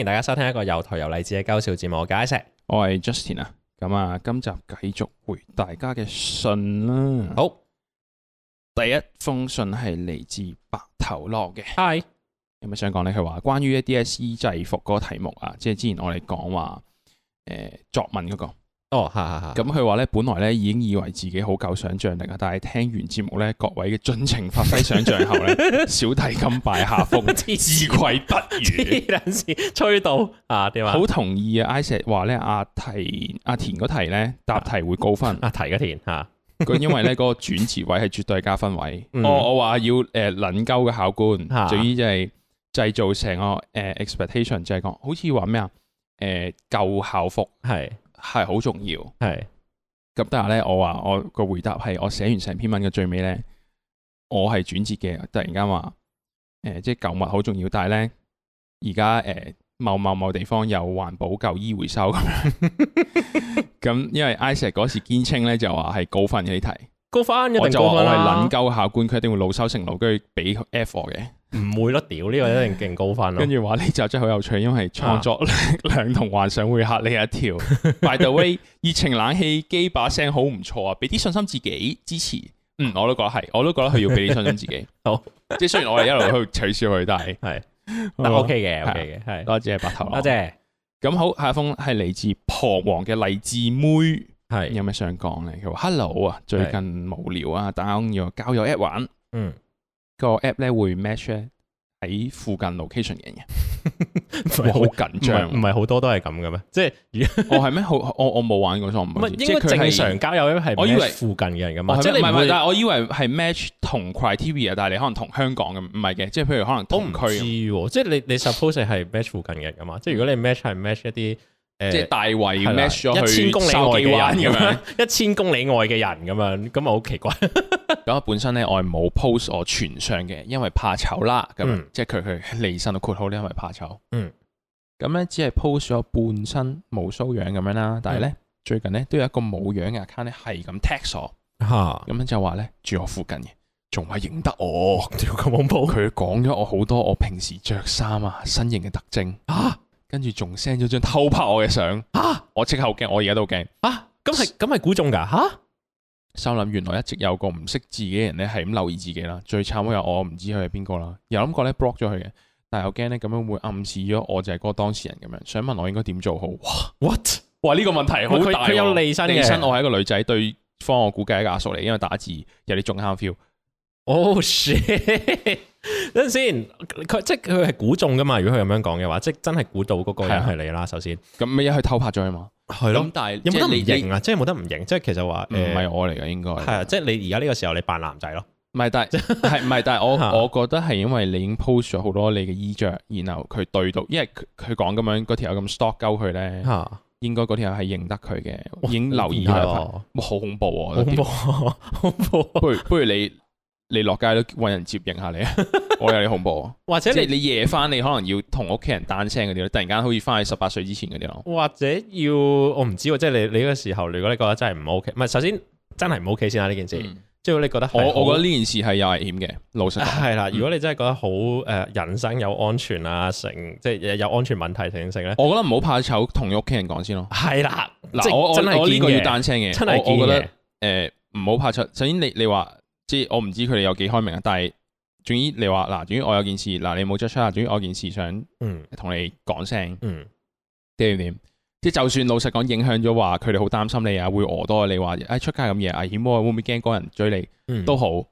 歡迎大家收聽一個又頹又勵志嘅搞笑節目，我係 Issac，我係 Justin 啊。咁啊，今集繼續回大家嘅信啦。好，第一封信係嚟自白頭樂嘅，Hi，有乜想講咧？佢話關於 DSE 制服嗰個題目啊，即係之前我哋講話誒、呃、作文嗰、那個。哦，係係係，咁佢話咧，本來咧已經以為自己好夠想象力啊，但係聽完節目咧，各位嘅盡情發揮想象後咧， 小弟甘拜下風，自愧不如。啲人吹到啊，點啊？好同意啊！Issac 話咧，阿、啊、提阿、啊、田嗰題咧，答題會高分。阿、啊、提田吓，佢、啊、 因為咧嗰、那個轉折位係絕對加分位。嗯哦、我我話要誒、呃，能夠嘅考官，啊、主要就係就係製造成個誒、呃、expectation，就係講好似話咩啊？誒、呃，舊校服係。係好重要，係咁是。等下咧，我話我個回答係我寫完成篇文嘅最尾咧，我係轉折嘅，突然間話，誒、呃，即係舊物好重要，但係咧而家誒某某某地方有環保舊衣回收咁樣，咁 因為 Isaac 嗰時堅稱咧就話係高分嘅題，高分，一定高分，我就我係捻鳩考官，佢一定會老羞成怒跟住俾 F 我嘅。唔會甩屌，呢個一定勁高分咯。跟住話呢集真係好有趣，因為創作力量同幻想會嚇你一跳。By the way，熱情冷氣機把聲好唔錯啊！俾啲信心自己支持。嗯，我都覺得係，我都覺得佢要俾啲信心自己。好，即係雖然我哋一路喺度取笑佢，但係係，但係 OK 嘅，OK 嘅，係多謝白頭。多謝。咁好，下一封係嚟自彷徨嘅勵志妹，係有咩想講咧？佢話：Hello 啊，最近無聊啊，打下用交友 app 玩。嗯。個 app 咧會 match 咧喺附近 location 嘅人，唔係好緊張，唔係好多都係咁嘅咩？即係我係咩？好，我我冇玩過，所以唔知。即係正常交友咧，係我以為附近嘅人噶嘛。即係唔係唔係？但係我以為係 match 同 criteria 但係你可能同香港咁唔係嘅。即係譬如可能同區。我唔知喎，即係你你 suppose 係 match 附近嘅人噶嘛？即係如果你 match 係 match 一啲。即係大圍 match 一千公里外嘅人咁樣，一千 公里外嘅人咁樣，咁啊好奇怪。咁 啊本身咧，我係冇 post 我全相嘅，因為怕醜啦。咁即係佢佢離身都括號咧，因為怕醜。嗯。咁咧只係 post 咗半身冇修樣咁樣啦。但係咧、嗯、最近咧都有一個冇樣嘅 account 咧係咁 text 我吓，咁哈樣就話咧住我附近嘅，仲話認得我。咁恐怖。佢講咗我好多我平時着衫啊，身形嘅特徵啊。 跟住仲 send 咗張偷拍我嘅相，啊蛤！我即刻好驚，我而家都驚，啊！咁係咁係估中噶，吓！心諗原來一直有一個唔識字嘅人咧係咁留意自己啦，最慘我又我唔知佢係邊個啦，又諗過咧 block 咗佢嘅，但係又驚咧咁樣會暗示咗我就係嗰個當事人咁樣，想問我應該點做好？哇！what？哇！呢、這個問題好大，啊，佢有離身嘅，離身，我係一個女仔，對方我估計係個阿叔嚟，因為打字有啲仲 hand feel。好 shit 等陣先，佢即係佢係估中噶嘛？如果佢咁樣講嘅話，即係真係估到嗰個人係你啦。首先，咁咪一去偷拍咗啊嘛？係咯。咁但係有冇得你認啊？即係冇得唔認？即係其實話唔係我嚟嘅應該係啊。即係你而家呢個時候，你扮男仔咯？唔係，但係係唔係？但係我我覺得係因為你已經 post 咗好多你嘅衣着，然後佢對到，因為佢講咁樣嗰條友咁 stock 溝佢咧，應該嗰條友係認得佢嘅，已經留意下。好恐怖啊！恐怖，恐怖。不如，不如你。你落街都揾人接應下你啊！我有你恐怖啊！或者你你夜翻你可能要同屋企人單聲嗰啲，突然間好似翻去十八歲之前嗰啲咯。或者要我唔知喎，即係你你呢個時候，如果你覺得真係唔 OK，唔係首先真係唔 OK 先啊呢件事，即係你覺得我我覺得呢件事係有危險嘅，老實係啦。如果你真係覺得好誒，人生有安全啊成，即係有安全問題成性咧，我覺得唔好怕醜。同屋企人講先咯。係啦，嗱我我我呢個要單聲嘅，真係我我覺得誒唔好怕醜。首先你你話。即我唔知佢哋有幾開明啊，但係總之你話嗱，總之我有件事嗱，你冇出出啊。總之我有件事想同你講聲，點點、嗯嗯、即就算老實講影響咗話，佢哋好擔心你啊，會餓多啊。你話誒、哎、出街咁嘢危險，會唔會驚嗰人追你都、嗯、好，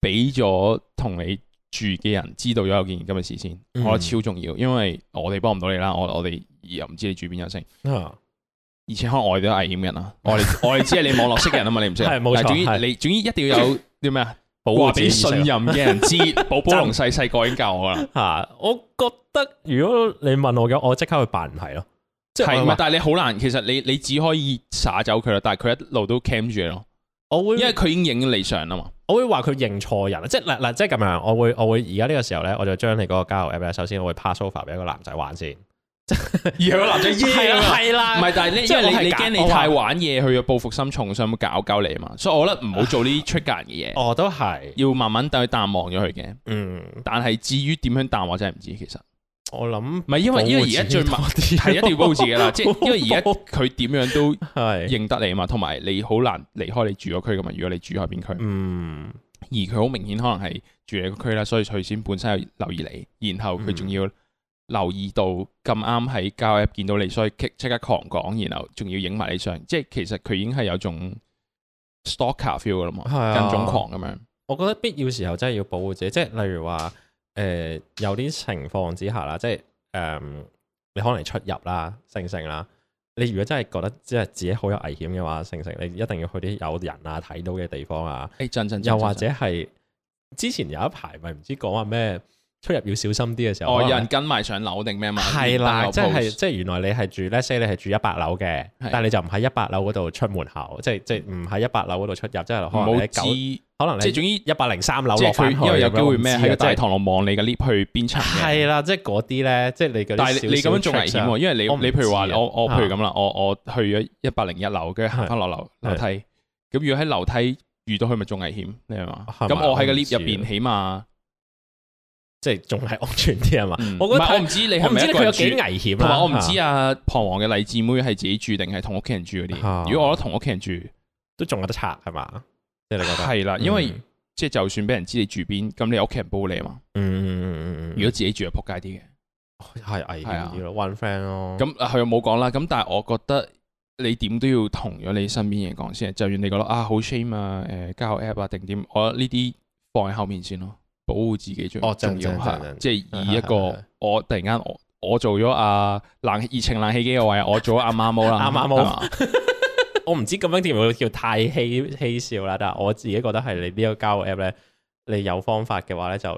俾咗同你住嘅人知道咗有件咁嘅事先，我覺得超重要，嗯、因為我哋幫唔到你啦。我我哋又唔知你住邊一層。而且可能我哋都危險人啊，我我哋只係你網絡識嘅人啊嘛，你唔識係冇錯。你總之一定要有啲咩啊，話俾信任嘅人知，寶龍細細個已經教我啦吓。我覺得如果你問我嘅，我即刻去扮唔係咯，即係唔係？但係你好難，其實你你只可以耍走佢咯，但係佢一路都 cam 住你咯。我會因為佢已經影你相啦嘛，我會話佢認錯人，即係嗱嗱，即係咁樣。我會我會而家呢個時候咧，我就將你嗰個交友 app，首先我會 pass over 俾一個男仔玩先。而係個男仔耶，係啦，唔係，但係你因為你你驚你太玩嘢，去咗報復心重，想搞搞你啊嘛，所以我覺得唔好做呢啲出格人嘅嘢。我都係要慢慢帶佢淡忘咗佢嘅。嗯，但係至於點樣淡，我真係唔知。其實我諗唔係因為因為而家最係一定要保持嘅啦，即係因為而家佢點樣都係認得你啊嘛，同埋你好難離開你住嗰區噶嘛。如果你住喺邊區，嗯，而佢好明顯可能係住你個區啦，所以佢先本身有留意你，然後佢仲要。留意到咁啱喺交友 app 見到你，所以即刻狂講，然後仲要影埋你相，即係其實佢已經係有種 stalker feel 嘅啦嘛，係啊，跟蹤狂咁樣。我覺得必要時候真係要保護自己，即係例如話誒、呃、有啲情況之下啦，即係誒、嗯、你可能出入啦、性性啦，你如果真係覺得即係自己好有危險嘅話，性性你一定要去啲有人啊睇到嘅地方啊。誒，振振，又或者係之前有一排咪唔知講話咩？出入要小心啲嘅時候，有人跟埋上樓定咩嘛？係啦，即係即係，原來你係住，let's say 你係住一百樓嘅，但係你就唔喺一百樓嗰度出門口，即係即係唔喺一百樓嗰度出入，即係可能你九，可能你。即係總之一百零三樓落去，因為有機會咩？即大堂望你嘅 lift 去邊出？係啦，即係嗰啲咧，即係你但係你咁樣仲危險，因為你你譬如話我我譬如咁啦，我我去咗一百零一樓，跟住行翻落樓樓梯，咁如果喺樓梯遇到佢，咪仲危險？你話，咁我喺個 lift 入邊起碼。即係仲係安全啲係嘛？唔係我唔知你係咪一個人住，危險、啊住。同埋我唔知啊，彷徨嘅勵志妹係自己住定係同屋企人住嗰啲？如果我諗同屋企人住都仲有得拆係嘛？即係、就是、你覺得係啦、嗯， 因為即係就算俾人知你住邊，咁你屋企人煲你嘛？嗯，如果自己住、嗯嗯嗯嗯、啊撲街啲嘅，係危險咯。friend 咯。咁佢又冇講啦。咁但係我覺得你點都要同咗你身邊人講先，就算你覺得啊好 shame 啊，誒交 app 啊定點，我覺得呢啲放喺後面先咯。保護自己最重要係，哦、即係以一個、嗯嗯嗯嗯嗯、我突然間我我做咗啊冷熱情冷氣機嘅位，我做咗阿孖毛啦，阿孖毛，我唔知咁樣點唔會，會叫太嬉嬉笑啦，但係我自己覺得係你呢個交友 app 咧，你有方法嘅話咧就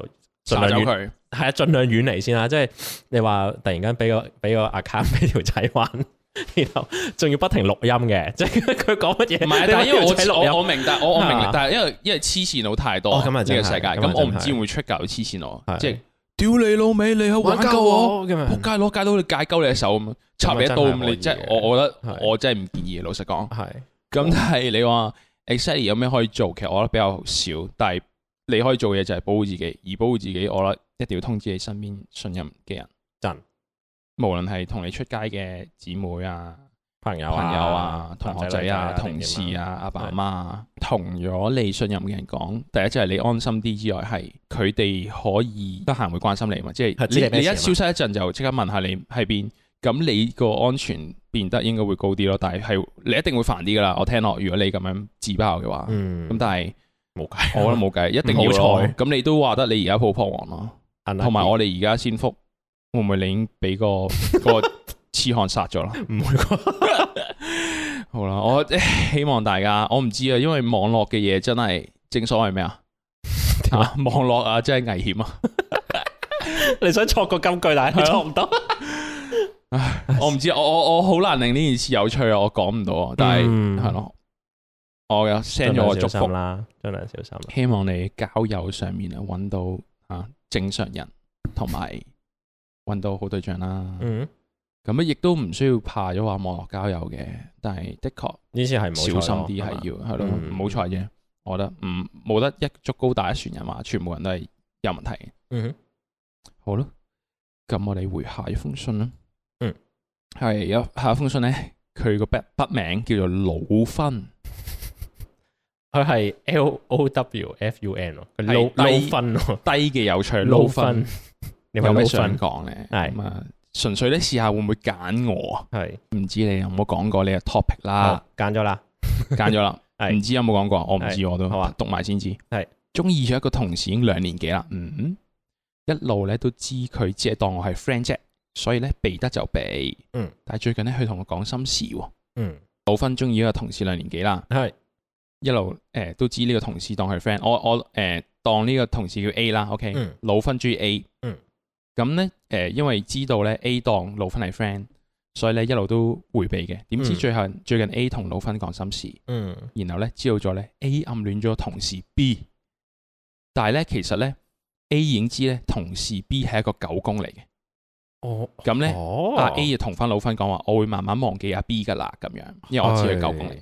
盡量遠，甩走佢，係啊盡量遠離先啦，即、就、係、是、你話突然間俾個俾個 account 俾條仔玩。 然後仲要不停錄音嘅，即係佢講乜嘢？唔係，但係因為我睇我我明白，我我明但係因為因為黐線佬太多，呢個世界咁我唔知會出教黐線佬，即係屌你老味，你去玩鳩我，扑街攞鎅刀你戒鳩你手，插你一刀咁，你即係我我覺得我真係唔建議，老實講。係咁，但係你話 exactly 有咩可以做？其實我覺得比較少，但係你可以做嘅嘢就係保護自己，而保護自己，我覺得一定要通知你身邊信任嘅人。真。無論係同你出街嘅姊妹啊、朋友啊、朋友啊、同學仔啊、同事啊、阿爸阿媽啊，同咗你信任嘅人講，第一就係你安心啲之外，係佢哋可以得閒會關心你嘛。即係你你一消失一陣就即刻問下你喺邊，咁你個安全變得應該會高啲咯。但係係你一定會煩啲㗎喇。我聽落，如果你咁樣自爆嘅話，咁但係冇計，我都冇計，一定要錯。咁你都話得你而家好彷徨咯，同埋我哋而家先覆。會唔會你俾個 個痴漢殺咗啦？唔會，好啦！我希望大家，我唔知啊，因為網絡嘅嘢真係正所謂咩樣啊？網絡啊，真係危險啊！你想錯個金句，但係你錯唔到。 唉，我唔知，我我我好難令呢件事有趣啊！我講唔到啊，但係係、嗯、咯，我又 send 咗個祝福啦，真係小心。小心希望你交友上面啊，搵到啊正常人同埋。揾到好對象啦，咁啊亦都唔需要怕咗話網絡交友嘅，但係的確呢次係小心啲係要，係咯冇錯嘅。我覺得唔冇得一竹篙打一船人話，全部人都係有問題。嗯喲，好啦，咁我哋回下一封信啦。嗯，係有下一封信咧，佢個筆名叫做老芬，佢係 L O W F U N 咯，老老芬低嘅有趣老芬。F N, 你有咩想講咧？係咁啊，純粹咧試下會唔會揀我？係唔知你有冇講過你嘅 topic 啦？揀咗啦，揀咗啦。係唔知有冇講過？我唔知我都，讀埋先知。係中意咗一個同事已經兩年幾啦。嗯，一路咧都知佢只係當我係 friend 啫，所以咧避得就避。嗯，但係最近咧佢同我講心事喎。嗯，老芬中意一個同事兩年幾啦。係一路誒都知呢個同事當佢當係 friend。我我誒當呢個同事叫 A 啦。OK，老芬中意 A。嗯。咁咧，誒、呃，因為知道咧 A 當老芬係 friend，所以咧一路都回避嘅。點知最後最近 A 同老芬講心事，嗯、然後咧知道咗咧 A 暗戀咗同事 B，但係咧其實咧 A 已經知咧同事 B 係一個狗公嚟嘅。哦，咁咧，阿、哦、A 亦同翻老芬講話，我會慢慢忘記阿 B 噶啦，咁樣，因為我知佢狗公嚟。咁、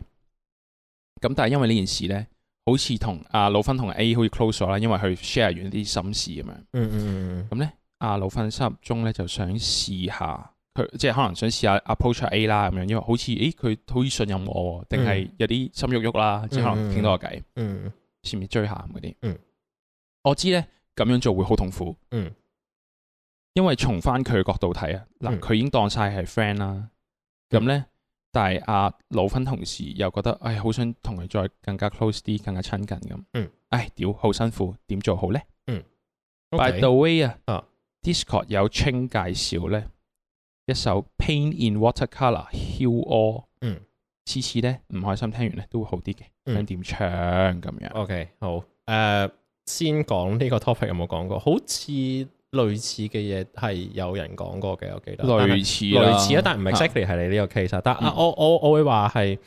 哎、但係因為呢件事咧，好似同阿老芬同 A 好似 close 咗啦，因為佢 share 完啲心事咁樣。嗯嗯嗯。咁咧、嗯？嗯阿老芬心目中咧就想試下佢，即係可能想試下 approach A 啦咁樣，因為好似誒佢好似信任我，定係有啲心喐喐啦，嗯、即係可能傾多個偈，嗯，是唔是追下咁嗰啲？嗯，我知咧咁樣做會好痛苦，嗯，因為從翻佢嘅角度睇啊，嗱佢、嗯、已經當晒係 friend 啦，咁咧、嗯，但係阿老芬同時又覺得唉，好、哎、想同佢再更加 close 啲、更加親近咁，嗯，唉屌好辛苦，點做好咧？嗯，by the way 啊。Discord 有 Ching 介紹咧一首《Paint in Watercolour》，《Heal All》次次咧唔開心，聽完咧都會好啲嘅。想點唱咁樣？OK，好誒，先講呢個 topic 有冇講過？好似類似嘅嘢係有人講過嘅，我記得類似類似啊，但唔係 exactly 係你呢個 case，但啊，我我我會話係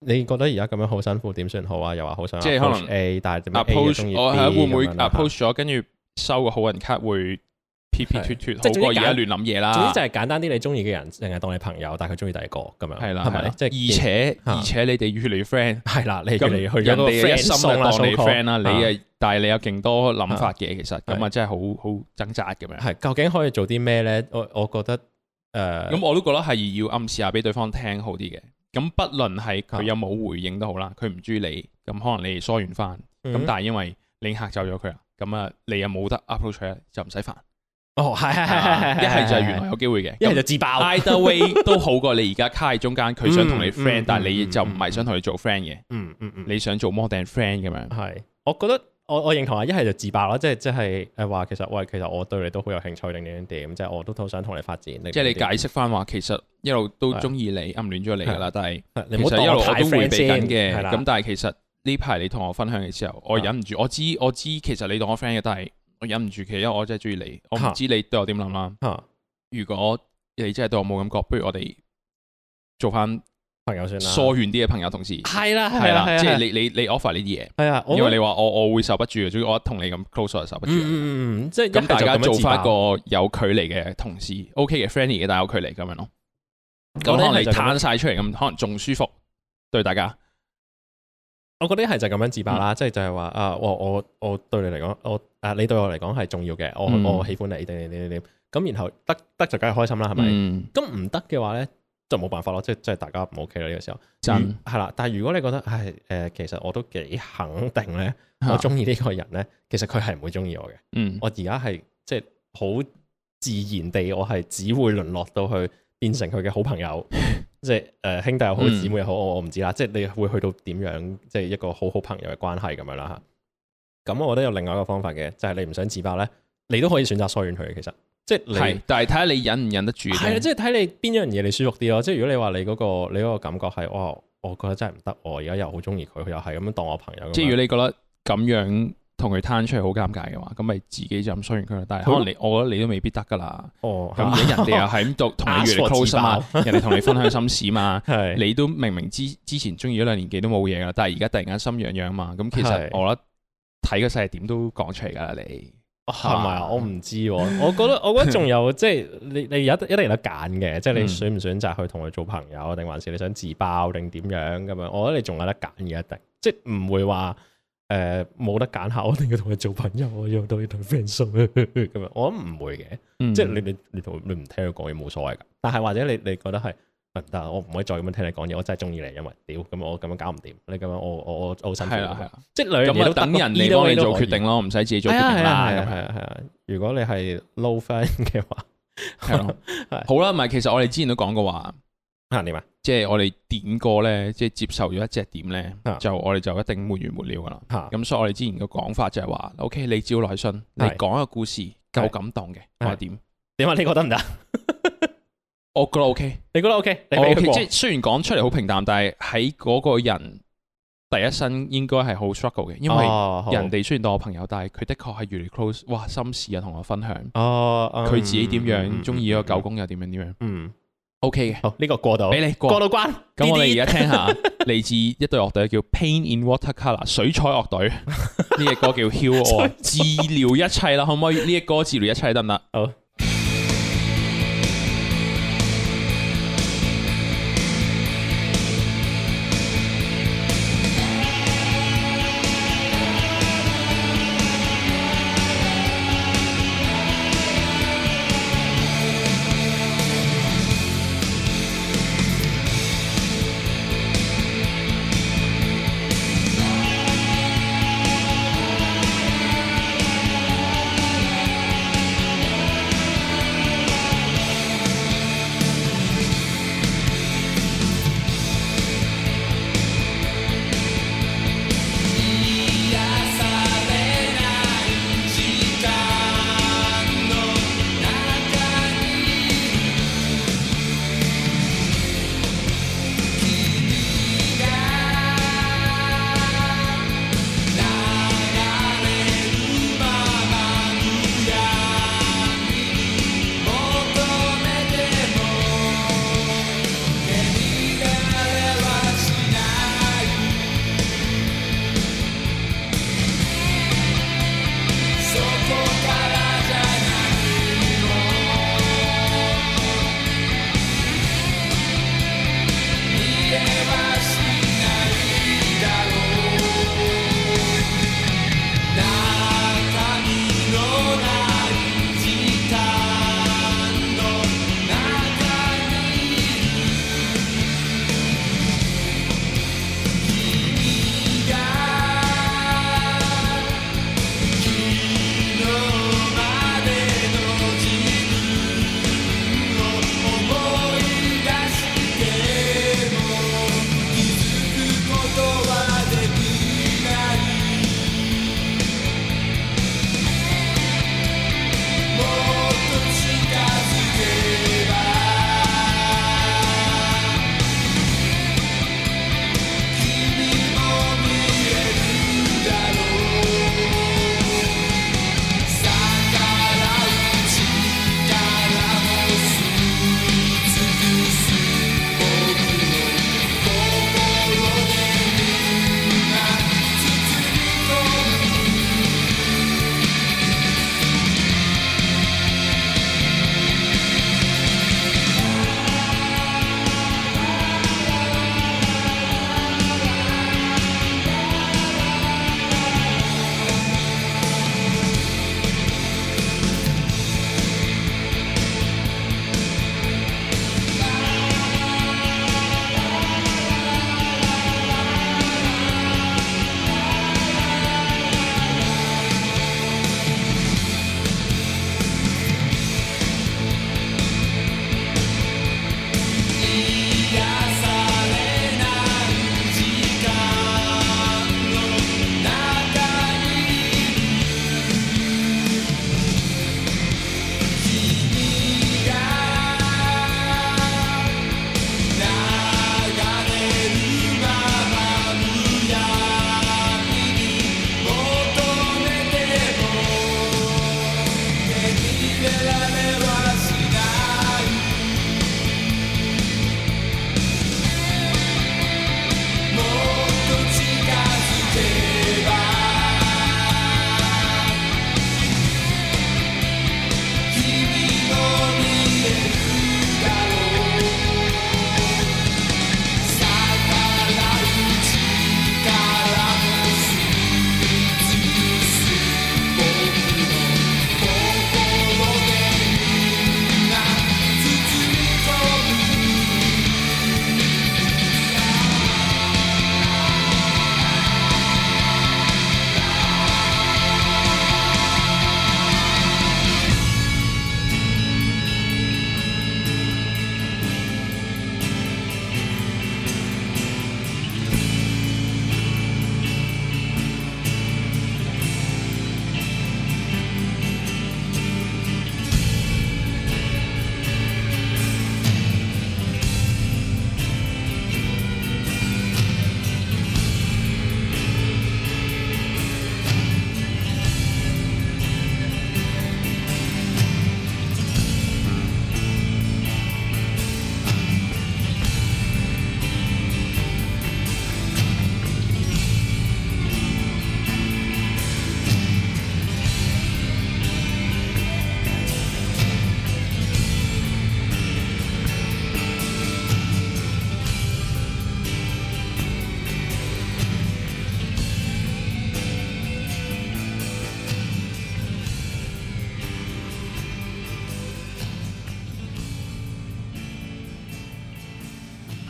你覺得而家咁樣好辛苦，點算好啊？又話好想即係可能 A，但係點啊 approach 我係會唔會啊？Post 咗跟住收個好人卡會？撇撇脫脫好過而家亂諗嘢啦。總之就係簡單啲，你中意嘅人淨係當你朋友，但係佢中意第二個咁樣。係啦，係咪？即係而且而且你哋越嚟越 friend。係啦，你越嚟越去咗。人哋一心就當你 friend 啦。你係，但係你有勁多諗法嘅，其實咁啊，真係好好掙扎咁樣。係，究竟可以做啲咩咧？我我覺得誒，咁我都覺得係要暗示下俾對方聽好啲嘅。咁不論係佢有冇回應都好啦，佢唔中意你，咁可能你疏遠翻。咁但係因為你嚇走咗佢啦，咁啊你又冇得 approach，就唔使煩。哦，係係係係係，一係就係原來有機會嘅，一係就自爆。Either way 都好過你而家卡喺中間，佢想同你 friend，但係你就唔係想同佢做 friend 嘅。嗯嗯嗯，你想做 more than friend 咁樣。係，我覺得我我認同啊，一係就自爆啦，即係即係誒話，其實喂，其實我對你都好有興趣，點點點，即係我都好想同你發展。即係你解釋翻話，其實一路都中意你，暗戀咗你噶啦，但係你唔好一路都 r i e n d 咁但係其實呢排你同我分享嘅時候，我忍唔住，我知我知，其實你當我 friend 嘅，但係。我忍唔住，其實因為我真係中意你，我唔知你對我點諗啦。啊啊、如果你真係對我冇感覺，不如我哋做翻朋友先啦，疏遠啲嘅朋友同事。係啦係啦，即係你你你 offer 呢啲嘢。係啊，因為你話我我會受不住，主要我同你咁 close 就受不住，嗯。即係咁大家做翻個有距離嘅同事，OK 嘅 friend 嘅，但有距離咁樣咯。咁可能你坦晒出嚟咁，可能仲舒服對大家。我覺得一係就咁樣自白啦，即係就係、是、話啊，我我我對你嚟講，我誒你對我嚟講係重要嘅，嗯、我我喜歡你，點點點點，咁然後得得就梗係開心啦，係咪？咁唔得嘅話咧，就冇辦法咯，即係即係大家唔 OK 啦呢個時候，就係啦。但係如果你覺得，唉誒、呃，其實我都幾肯定咧，我中意呢個人咧，嗯、其實佢係唔會中意我嘅。嗯，我而家係即係好自然地，我係只會淪落到去變成佢嘅好朋友。嗯即係誒、呃，兄弟又好，姊妹又好，我我唔知啦。嗯、即係你會去到點樣，即係一個好好朋友嘅關係咁樣啦吓。咁我覺得有另外一個方法嘅，就係你唔想自爆咧，你都可以選擇疏遠佢。其實即係係，但係睇下你忍唔忍得住。係啊，即係睇你邊樣嘢你舒服啲咯。即係如果你話你嗰、嗰個你個感覺係，哇，我覺得真係唔得，我而家又好中意佢，佢又係咁樣當我朋友。即係如果你覺得咁樣，同佢攤出嚟好尷尬嘅話，咁咪自己就咁衰完佢。但係可能你，嗯、我覺得你都未必得噶啦。哦，咁人哋又係咁做，同你越嚟越 close 我人哋同你分享心事嘛， 是你都明明之之前中意咗兩年幾都冇嘢啦，但係而家突然間心癢癢嘛，咁其實我覺得，睇個勢係點都講出嚟噶啦，你係咪啊？我唔知 我，我覺得我覺得仲有即係、就是、你你有一定有得揀嘅，即係 你選唔選擇去同佢做朋友，定還是你想自爆定點樣咁樣？我覺得你仲有得揀嘅，一定即係唔會話。誒，冇得揀下，我一定要同佢做朋友，我又到要同 friend 咁啊！我唔會嘅，即係你你你同你唔聽佢講嘢冇所謂噶。但係或者你你覺得係唔得，我唔可以再咁樣聽你講嘢，我真係中意你，因為屌咁我咁樣搞唔掂，你咁樣我我我好辛苦。係啊係啊，即係兩樣都等人嚟幫你做決定咯，唔使自己做決定啦。係啊係啊係啊，如果你係 low friend 嘅話，係好啦，唔係其實我哋之前都講過話，啊你嘛。即係我哋點過呢？即係接受咗一隻點呢？就我哋就一定沒完沒了噶啦。咁所以我哋之前嘅講法就係話，O K，你只要來信，你講一個故事夠感動嘅，或者點？點啊？你覺得唔得？我覺得 O K，你覺得 O K？哦，即係雖然講出嚟好平淡，但係喺嗰個人第一身應該係好 struggle 嘅，因為人哋雖然當我朋友，但係佢的確係越嚟越 close，哇，心事啊同我分享，佢自己點樣，中意嗰個狗公又點樣點樣。嗯。O.K. 嘅，呢、呢個過到，俾你過，過到關。咁我哋而家聽下，嚟 自一隊樂隊叫《Paint in Watercolour》水彩樂隊，呢 個歌叫《Heal All、 治療一切》啦，可唔可以呢個歌治療一切得唔得？好。 好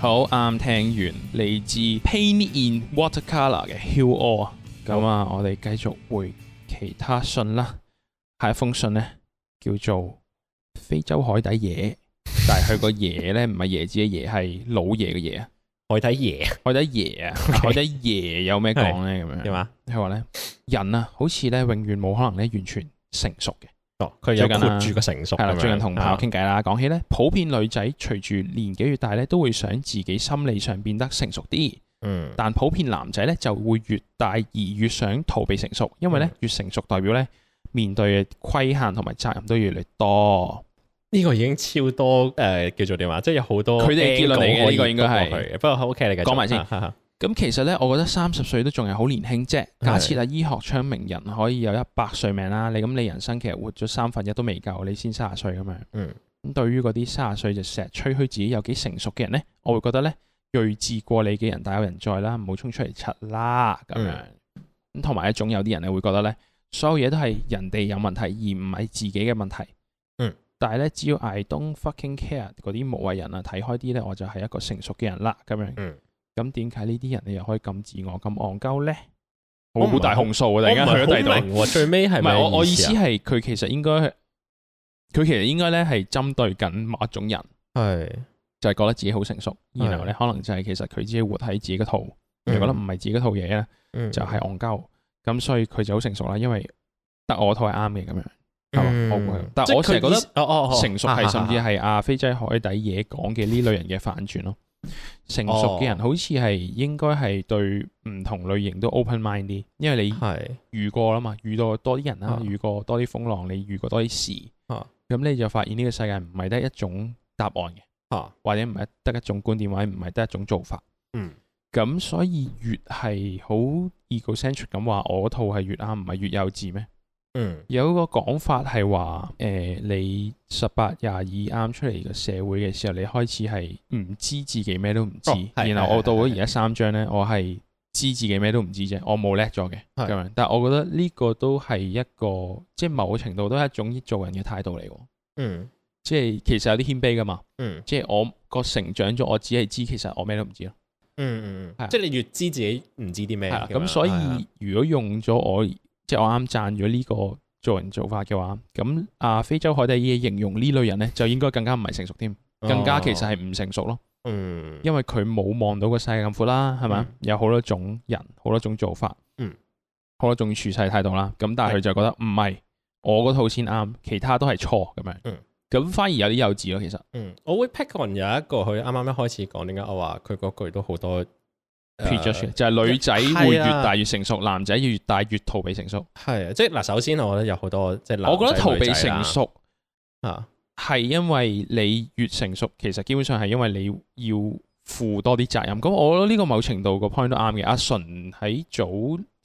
好啱，嗯，聽完嚟自《Paint in Watercolour al all, 好》嘅《HEAL ALL》咁啊，我哋繼續回其他信啦。下一封信咧叫做《非洲海底椰》 但，但係佢個椰咧唔係椰子嘅椰，係老爺嘅爺啊， 海底椰啊，Okay. 海底椰啊，海底椰有咩講咧？咁樣點啊？佢話咧，人啊，好似咧永遠冇可能咧完全成熟嘅。佢、哦、有住個成熟係啦，啊，最近同朋友傾偈啦。講、啊、起咧，普遍女仔隨住年紀越大咧，都會想自己心理上變得成熟啲。嗯，但普遍男仔咧就會越大而越想逃避成熟，因為咧越成熟代表咧面對嘅規限同埋責任都越嚟越多。呢、嗯、個已經超多誒、呃，叫做點話？即係有好多佢哋結論嚟嘅呢個應該係，不過 OK 嚟嘅。講埋先。 咁其實咧，我覺得三十歲都仲係好年輕啫。假設啊，醫學昌明，人可以有一百歲命啦。你咁你人生其實活咗三分一都未夠，你先三十歲咁樣。嗯。咁對於嗰啲三十歲就成日吹噓自己有幾成熟嘅人咧，我會覺得咧，睿智過你嘅人大有人在啦，唔好衝出嚟柒啦，咁樣。咁同埋一種有啲人咧，會覺得咧，所有嘢都係人哋有問題，而唔係自己嘅問題。嗯。但係咧，只要 I don't fucking care 嗰啲無謂人啊，睇開啲咧，我就係一個成熟嘅人啦。咁樣。嗯。咁點解呢啲人你又可以咁自我咁戇鳩咧？好大控訴啊！大家喺度睇到，最尾係咪？我我意思係佢其實應該佢其實應該咧係針對緊某一種人，係就係覺得自己好成熟，然後咧可能就係其實佢自己活喺自己嗰套，又覺得唔係自己嗰套嘢咧，就係戇鳩。咁所以佢就好成熟啦，因為得我套係啱嘅咁樣，係嘛？但係我成日覺得成熟係甚至係阿飛仔海底嘢講嘅呢類人嘅反轉咯。成熟嘅人好似係、oh. 應該係對唔同類型都 open mind 啲，因為你遇過啦嘛，遇到多啲人啦，遇過多啲、啊啊、風浪，你遇過多啲事，咁、啊、你就發現呢個世界唔係得一種答案嘅，啊、或者唔係得一種觀點，或者唔係得一種做法。嗯，咁所以越係好 egocentric 咁話我套係越啱，唔係越幼稚咩？有個講法係話，誒你十八廿二啱出嚟個社會嘅時候，你開始係唔知自己咩都唔知。然後我到咗而家三張咧，我係知自己咩都唔知啫，我冇叻咗嘅咁樣。但係我覺得呢個都係一個，即係某程度都係一種做人嘅態度嚟喎。嗯，即係其實有啲謙卑㗎嘛。嗯，即係我個成長咗，我只係知其實我咩都唔知咯。嗯嗯，即係你越知自己唔知啲咩，咁所以如果用咗我。即係我啱讚咗呢個做人做法嘅話，咁啊，非洲海底嘢形容呢類人咧，就應該更加唔係成熟添，更加其實係唔成熟咯、哦。嗯，因為佢冇望到個世界咁闊啦，係咪？嗯、有好多種人，好多種做法，好、嗯、多種處世態度啦。咁但係佢就覺得唔係、嗯、我嗰套先啱，其他都係錯咁樣。咁、嗯、反而有啲幼稚咯，其實。嗯，我會 pick on 有一個佢啱啱一開始講點解我話佢嗰句都好多。呃、就係女仔會越大越成熟，呃、男仔要越大越逃避成熟。係啊，即係嗱，首先我覺得有好多即係男仔，我覺得逃避成熟啊，係因為你越成熟，啊、其實基本上係因為你要負多啲責任。咁我覺得呢個某程度個 point 都啱嘅。阿純喺早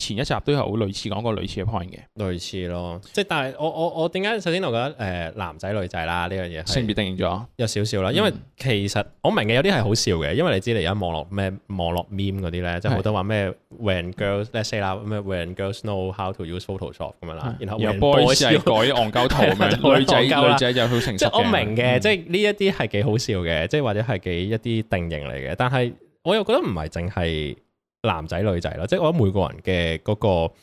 前一集都有好類似講過類似嘅 point 嘅，類似咯，即係但係我我我點解首先我覺得誒、呃、男仔女仔啦呢樣嘢性別定型咗有少少啦，因為其實我明嘅有啲係好笑嘅，因為你知你而家網絡咩網絡 meme 嗰啲咧，即係好多話咩 when girls let's say 啦，咩 when girls know how to use Photoshop 咁樣啦，的然後 when boys 就改憨鳩圖咪、 嗯，女仔女仔就好成熟即係我明嘅、嗯，即係呢一啲係幾好笑嘅，即係或者係幾一啲定型嚟嘅，但係我又覺得唔係淨係。男仔女仔啦，即係我諗每個人嘅嗰個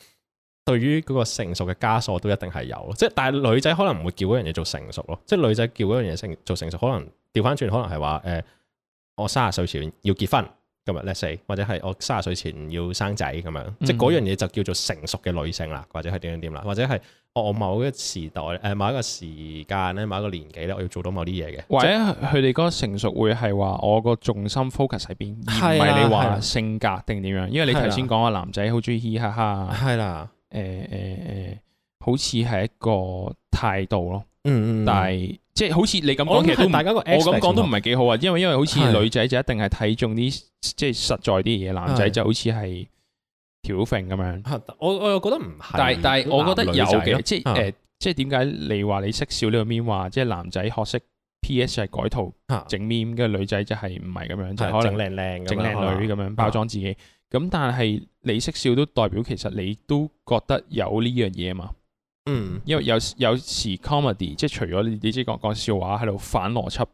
對於嗰個成熟嘅枷鎖都一定係有咯，即係但係女仔可能唔會叫嗰樣嘢做成熟咯，即係女仔叫嗰樣嘢成做成熟，可能調翻轉可能係話誒，我卅歲前要結婚。今日咧四，或者係我卅歲前要生仔咁樣，即係嗰樣嘢就叫做成熟嘅女性啦，或者係點樣點啦，或者係我某一時代誒，某一個時間咧，某一個年紀咧，我要做到某啲嘢嘅。或者佢哋嗰個成熟會係話我個重心 focus 喺邊，唔係你話性格定點樣？啊、因為你頭、啊、先講個男仔好中意嘻哈哈，係啦、啊，誒誒誒，好似係一個態度咯。嗯，但係即係好似你咁講，其實大家個我咁講都唔係幾好啊，因為因為好似女仔就一定係睇中啲即係實在啲嘢，男仔就好似係條 friend 咁樣。我我又覺得唔係，但係但係我覺得有嘅，即係誒，即係點解你話你識笑呢個 meme 話，即係男仔學識 PS 係改圖整 meme 嘅女仔就係唔係咁樣，就可能整靚靚、整靚女咁樣包裝自己。咁但係你識笑都代表其實你都覺得有呢樣嘢嘛？嗯，因為有時有時 comedy 即係除咗你你即係講講笑話喺度反邏輯，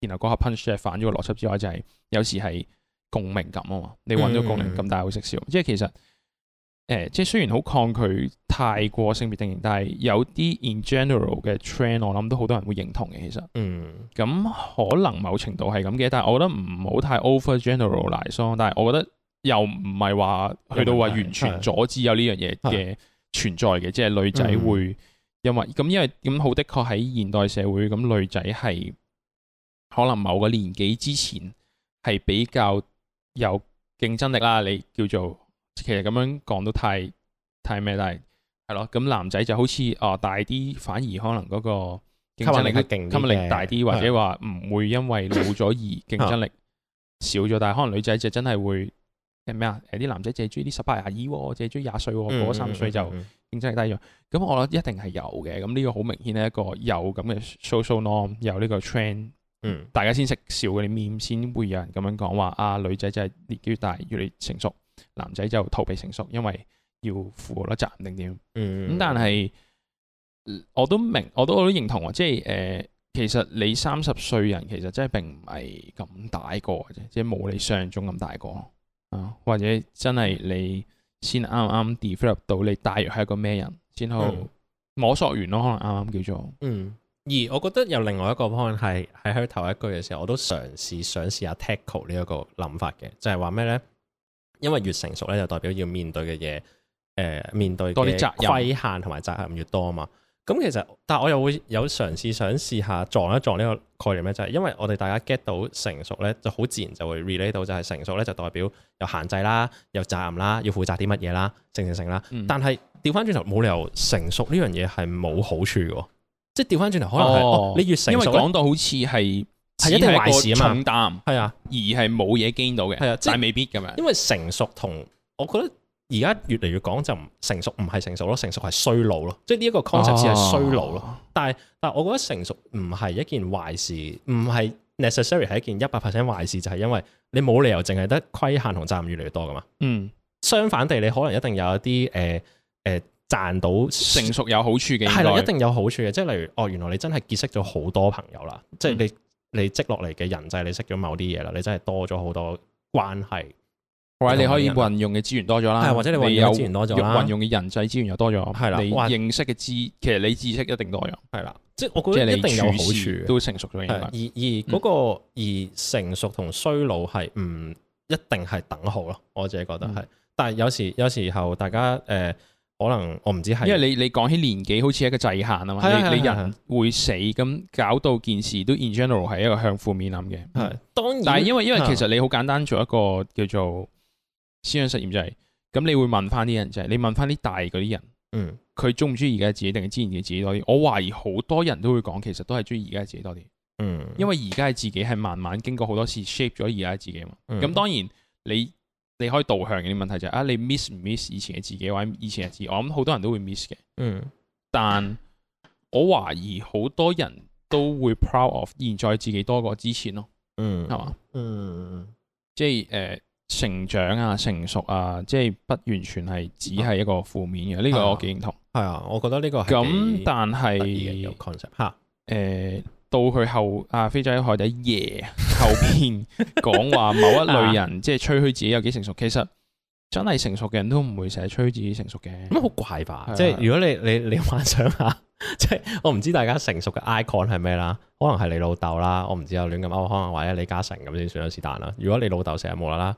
然後嗰下 punch 係反咗個邏輯之外，就係、係、有時係共鳴感啊嘛，你揾咗共鳴咁大好識笑，嗯、即係其實誒、呃，即係雖然好抗拒太過性別定型，但係有啲 in general 嘅 trend，我諗都好多人會認同嘅。其實，嗯，咁可能某程度係咁嘅，但係我覺得唔好太 over generalize。但係我覺得又唔係話去到話完全阻止有呢樣嘢嘅。嗯嗯嗯嗯嗯嗯嗯存在嘅，即係女仔會因為咁、嗯，因為咁好，的確，喺現代社會咁，女仔係可能某個年紀之前係比較有競爭力啦。啊、你叫做其實咁樣講都太太咩？但係係咯，咁男仔就好似啊大啲，反而可能個競爭力吸，引力，吸引力大啲，或者話唔會因為老咗而競爭力少咗，是的 但係可能女仔就真係會。係咩啊？誒啲、呃、男仔淨係中意啲十八廿二喎，淨係中意廿歲喎，嗯、過三十歲就認真係低咗。咁、嗯嗯嗯、我覺得一定係有嘅。咁呢個好明顯係一個有咁嘅 social norm，有呢個 trend，嗯、大家先識笑嗰啲面，先會有人咁樣講話啊。女仔真係年紀越大越嚟成熟，男仔就逃避成熟，因為要負好多責任定點咁。嗯、但係我都明，我都我都，我都認同、哦，即係誒、呃、其實你三十歲人其實真係並唔係咁大個啫，即係冇你想象中咁大個。或者真係你先啱啱 develop 到你大約係一個咩人，先好摸索完咯，嗯、可能啱啱叫做嗯。而我覺得有另外一個 point 係喺喺頭一句嘅時候，我都嘗試嘗試下 tackle 呢一個諗法嘅，就係話咩咧？因為越成熟咧，就代表要面對嘅嘢，誒、呃、面對多啲責任、規限同埋責任越多啊嘛。咁其實，但係我又會有嘗試想試下撞一撞呢個概念咧，就係、是、因為我哋大家 get 到成熟咧，就好自然就會 relate 到就係成熟咧就代表有限制啦，有責任啦，要負責啲乜嘢啦，成成成啦。嗯、但係調翻轉頭冇理由成熟呢樣嘢係冇好處嘅，嗯、即係調翻轉頭可能、哦哦、你越成熟，因為講到好似係係一定係壞事吖嘛，個重擔，係啊，而係冇嘢 gain 到嘅，係啊，即係未必咁樣、啊。但因為成熟同我覺得。而家越嚟越講就唔成，成熟，唔係成熟咯，成熟係衰老咯。即係呢一個 concept 係衰老咯、哦。但係但係，我覺得成熟唔係一件壞事，唔係 necessary 係一件一百 percent 壞事，就係、是、因為你冇理由淨係得規限同責任越嚟越多噶嘛。嗯，相反地，你可能一定有一啲誒誒賺到成熟有好處嘅，係啦，一定有好處嘅。即係例如哦，原來你真係結識咗好多朋友啦，即係、嗯、你你積落嚟嘅人際，你識咗某啲嘢啦，你真係多咗好多關係。或者你可以運用嘅資源多咗啦，或者你有運用嘅人際資源又多咗，係啦，你認識嘅知，其實你知識一定多咗，係啦，即係我估計一定有好處，都成熟咗而而嗰個而成熟同衰老係唔一定係等號咯，我自己覺得係，但係有時有時候大家誒，可能我唔知係，因為你你講起年紀好似一個制限啊嘛，你人會死，咁搞到件事都 in general 係一個向負面諗嘅，係當然，但係因為因為其實你好簡單做一個叫做。思想實驗就係咁，你會問翻啲人，就係你問翻啲大嗰啲人，嗯，佢中唔中意而家自己定係之前嘅自己多啲？我懷疑好多人都會講，其實都係中意而家自己多啲，嗯，因為而家自己係慢慢經過好多次 shape 咗而家自己嘛。咁、嗯、當然你你可以導向嘅啲問題就係啊，你 miss 唔 miss 以前嘅自己或者以前嘅自己，我諗好多人都會 miss 嘅，嗯，但我懷疑好多人都會 proud of 現在自己多過之前咯，嗯，係嘛，嗯，即係誒。呃成長啊成熟啊，即係不完全係只係一個負面嘅，呢、啊、個我幾認同。係啊，我覺得呢個係咁，但係是吓，誒、啊呃，到佢後啊，飛仔喺海底，爺、yeah, 後邊講話某一類人， 啊、即係吹噓自己有幾成熟。其實真係成熟嘅人都唔會成日吹自己成熟嘅，咁好怪吧？啊、即係如果你你你，你幻想下，即係我唔知大家成熟嘅 icon 係咩啦，可能係你老豆啦，我唔知有亂咁噏，可能或者李嘉誠咁先算咗是但啦。如果你老豆成日冇啦啦。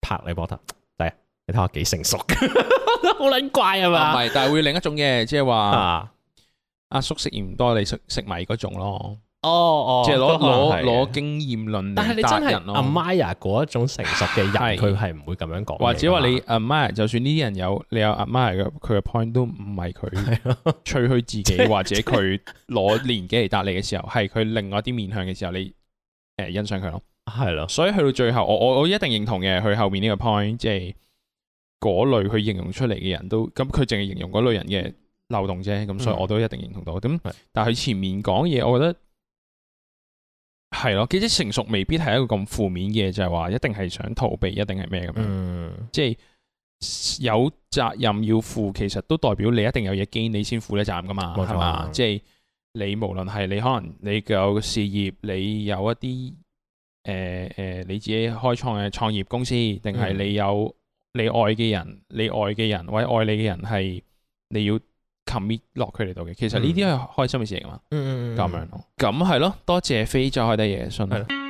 拍你膊頭，第一你睇下幾成熟，好撚 怪係嘛？唔係，但係會另一種嘅，即係話阿叔食鹽多，你食食米嗰種咯、哦。哦哦，即係攞攞攞經驗論，但係你真係阿 Maya 嗰一種成熟嘅人，佢係唔會咁樣講。或者話你阿 Maya，、啊、就算呢啲人有你有阿 Maya 嘅，佢嘅 point 都唔係佢，吹噓自己 或者佢攞年紀嚟答你嘅時候，係佢 另外一啲面向嘅時候，你誒、呃、欣賞佢咯。係咯，是所以去到最後，我我我一定認同嘅，佢後面呢個 point，即係嗰類佢形容出嚟嘅人都，咁佢淨係形容嗰類人嘅漏洞啫，咁所以我都一定認同到。咁是的 但係佢前面講嘢，我覺得係咯，其實成熟未必係一個咁負面嘅，就係、是、話一定係想逃避，一定係咩咁樣？即係、嗯、有責任要負，其實都代表你一定有嘢基，你先負得責噶嘛，係嘛？即係你無論係你可能你有個事業，你有一啲。誒誒、呃呃，你自己開創嘅創業公司，定係你有你愛嘅人，你愛嘅人或者愛你嘅人係你要 commit 落佢哋度嘅。其實呢啲係開心嘅事嚟㗎嘛。嗯樣嗯咁樣咯。咁係咯，嗯嗯、多謝飛再開得夜信。嗯的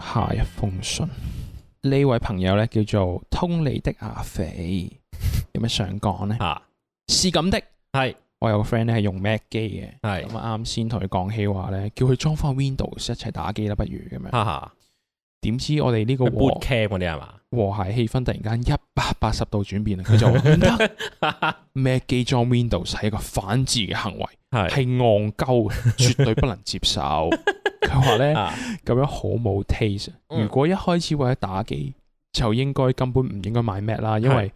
下一封信呢位朋友咧叫做通利的阿肥，有咩 想講呢？啊， 是咁的，係是我有個 friend 咧係用 Mac 機嘅，係咁啱先同佢講起話咧，叫佢裝翻 Windows 一齊打機啦，不如咁樣。 點知我哋呢個 t cam 嗰啲，係嘛和諧氣氛突然間一百八十度轉變，佢 就覺得 Mac 機裝 Windows 係一個反智嘅行為，係係戇鳩嘅，絕對不能接受。佢話咧，咁樣好冇 taste。如果一開始為咗打機，就應該根本唔應該買咩啦，因為